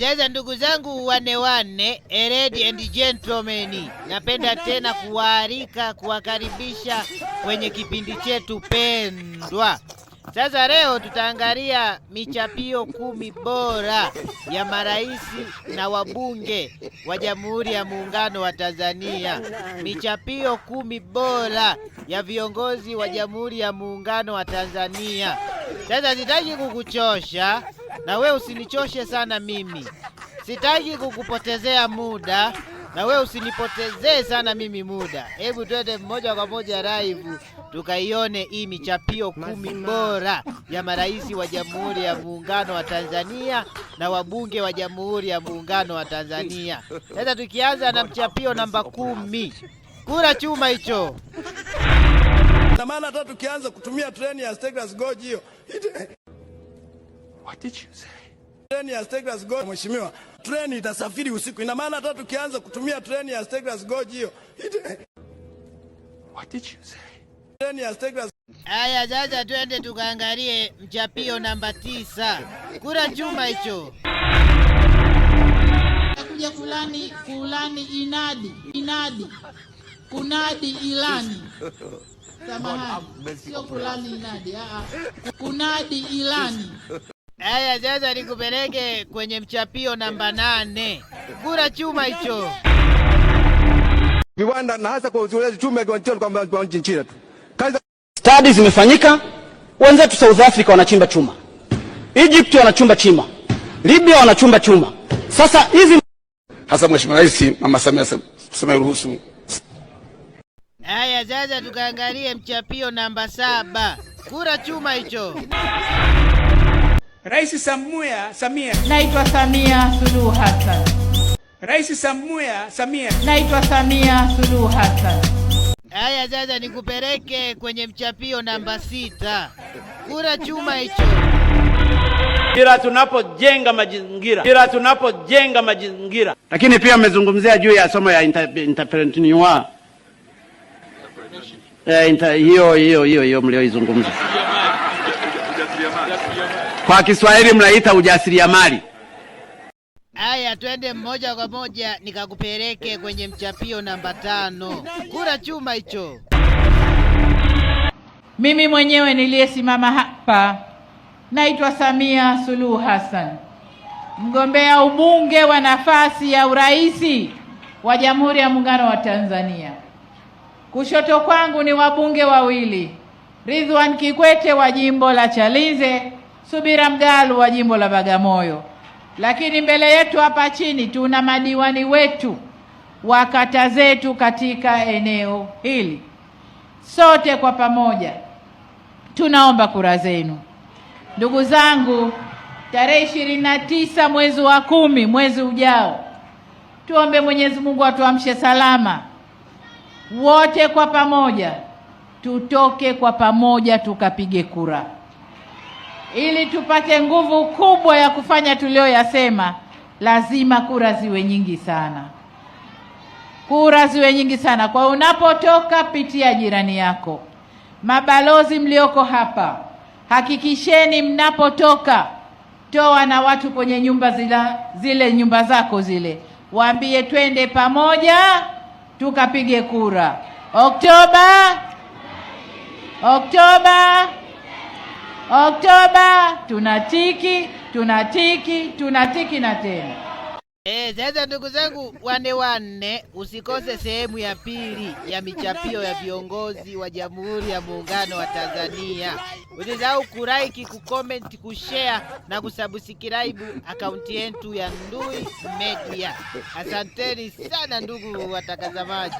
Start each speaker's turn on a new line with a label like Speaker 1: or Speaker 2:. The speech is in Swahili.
Speaker 1: Sasa ndugu zangu wane wane, eredi and gentlemen, napenda tena kuwaalika kuwakaribisha kwenye kipindi chetu pendwa. Sasa leo tutaangalia michapio kumi bora ya marais na wabunge wa Jamhuri ya Muungano wa Tanzania, michapio kumi bora ya viongozi wa Jamhuri ya Muungano wa Tanzania. Sasa sitaki kukuchosha na we usinichoshe sana mimi, sitaki kukupotezea muda na we usinipotezee sana mimi muda. Hebu twende moja kwa moja raivu tukaione hii michapio kumi bora ya marais wa Jamhuri ya Muungano wa Tanzania na wabunge wa Jamhuri ya Muungano wa Tanzania. Sasa tukianza na mchapio namba kumi, kura chuma hicho na maana hata tukianza kutumia treni ya Stegras Gorge hiyo What did you say? Treni ya Stegras Gorge mheshimiwa, treni itasafiri usiku. Ina maana hata tukianza kutumia treni ya Stegras Gorge hiyo. What did you say? Treni ya Steglas Aya, sasa twende tukaangalie mchapio namba tisa. Kura chuma hicho
Speaker 2: kuja fulani fulani inadi inadi kunadi ilani samahani, sio fulani inadi, aa ah, ah. kunadi ilani
Speaker 1: Aya, sasa nikupeleke kwenye mchapio namba nane. Kura chuma hicho viwanda na hasa kwa
Speaker 3: chuma kwa tu. study zimefanyika. Wenzetu South Africa wanachimba chuma, Egypt wanachimba chuma, Libya wanachimba chuma. Sasa hizi
Speaker 4: hasa Mheshimiwa Rais Mama Samia Samia ruhusu.
Speaker 1: Aya, sasa tukaangalie mchapio namba saba. Kura chuma hicho
Speaker 5: Rais Samia Samia.
Speaker 6: Naitwa Samia Suluhu Hassan.
Speaker 5: Rais Samia Samia.
Speaker 6: Naitwa Samia Suluhu Hassan.
Speaker 1: Haya sasa nikupeleke kwenye mchapio namba sita. Kura chuma hicho.
Speaker 7: Kila tunapojenga mazingira. Kila tunapojenga mazingira.
Speaker 8: Lakini pia mmezungumzia juu ya somo ya entrepreneurial. Eh, hiyo hiyo hiyo hiyo mlioizungumza kwa Kiswahili mnaita ujasiriamali.
Speaker 1: Aya, twende mmoja kwa moja nikakupeleke kwenye mchapio namba tano. Kura chuma hicho.
Speaker 9: Mimi mwenyewe niliyesimama hapa naitwa Samia Suluhu Hassan, mgombea ubunge wa nafasi ya urais wa Jamhuri ya Muungano wa Tanzania. Kushoto kwangu ni wabunge wawili, Ridwan Kikwete wa jimbo la Chalinze Subira Mgalu wa jimbo la Bagamoyo. Lakini mbele yetu hapa chini tuna madiwani wetu wa kata zetu katika eneo hili. Sote kwa pamoja tunaomba kura zenu. Ndugu zangu, tarehe ishirini na tisa mwezi wa kumi, mwezi ujao, tuombe Mwenyezi Mungu atuamshe salama wote kwa pamoja, tutoke kwa pamoja tukapige kura ili tupate nguvu kubwa ya kufanya tuliyoyasema, lazima kura ziwe nyingi sana, kura ziwe nyingi sana. Kwa unapotoka, pitia jirani yako. Mabalozi mlioko hapa, hakikisheni mnapotoka, toa na watu kwenye nyumba zila, zile nyumba zako zile, waambie twende pamoja tukapige kura Oktoba,
Speaker 10: Oktoba
Speaker 9: Oktoba tunatiki tunatiki tunatiki na tena.
Speaker 1: E, ndugu zangu wane wane, usikose sehemu ya pili ya michapio ya viongozi wa Jamhuri ya Muungano wa Tanzania. Usisahau kuraiki, kukomenti, kushare na kusubscribe akaunti yetu ya Ndui Media. Asanteni sana ndugu watakazamaji.